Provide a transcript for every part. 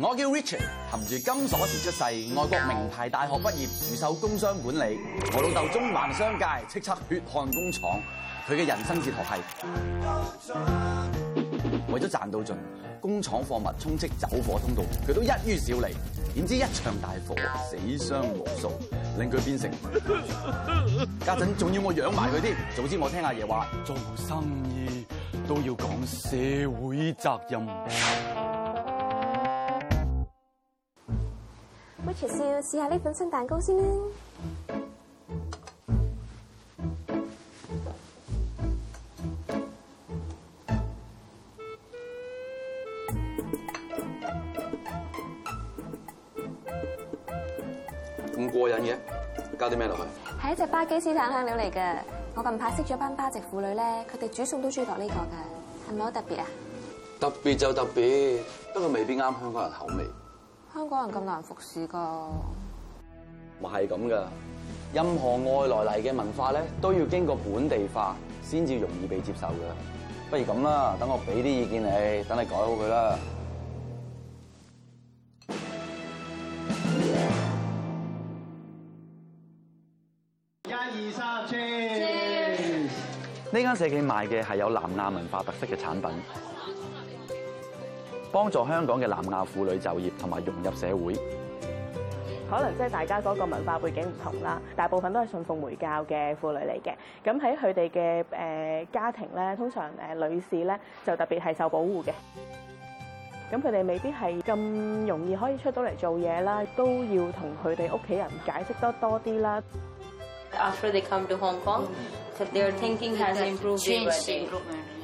我叫 Richard，含住金鎖匙出世，外國名牌大學畢業，主修工商管理。我老豆中環商界，叱咤血汗工廠。佢嘅人生哲學係為咗賺到盡，工廠貨物充斥走火通道，佢都一於少理。點知一場大火，死傷無數，令佢變成，家陣仲要我養埋佢添。早知我聽阿爺話，做生意都要講社會責任。微笑，試下呢款新蛋糕先啦。咁過癮嘅，加啲咩落去？係一隻巴基斯坦香料嚟嘅。我近排識咗班巴籍婦女咧，佢哋煮餸都中意落呢個嘅，係咪好特別啊？特別就特別，不過未必啱香港人口味。香港人咁難服侍噶，係咁噶。任何外來嚟嘅文化咧，都要經過本地化，先至容易被接受噶。不如咁啦，等我俾啲意見你，等你改好佢啦。一二三，Cheers！呢間社企賣嘅係有南亞文化特色嘅產品。幫助香港嘅南亞婦女就業同埋融入社會，可能即係大家嗰個文化背景唔同啦。大部分都係信奉回教嘅婦女嚟嘅。咁喺佢哋嘅誒家庭咧，通常誒女士咧就特別係受保護嘅。咁佢哋未必係咁容易可以出到嚟做嘢啦，都要同佢哋屋企人解釋得多啲啦。After they come to Hong Kong, Mm-hmm. so their thinking has improved a bit.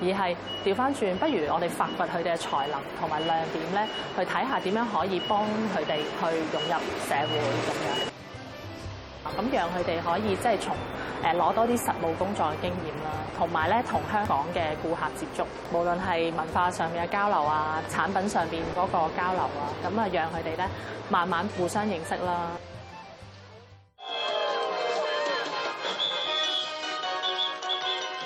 而係調翻轉，不如我哋發掘佢哋嘅才能同埋亮點咧，去睇下點樣可以幫佢哋去融入社會咁樣。咁讓佢哋可以即係從誒攞多啲實務工作嘅經驗啦，同埋咧同香港嘅顧客接觸，無論係文化上面嘅交流啊，產品上面嗰個交流啊，咁啊讓佢哋咧慢慢互相認識啦。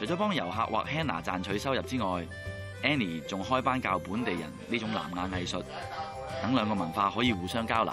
除咗幫遊客或 Hannah 賺取收入之外，Annie 仲開班教本地人呢種南亞藝術，等兩個文化可以互相交流。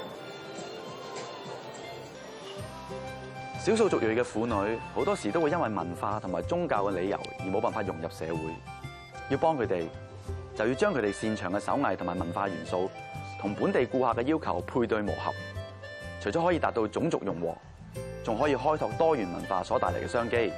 少數族裔嘅婦女，好多時都會因為文化同埋宗教嘅理由而冇辦法融入社會。要幫佢哋，就要將佢哋擅長嘅手藝同埋文化元素，同本地顧客嘅要求配對磨合。除咗可以達到種族融和，仲可以開拓多元文化所帶嚟嘅商機。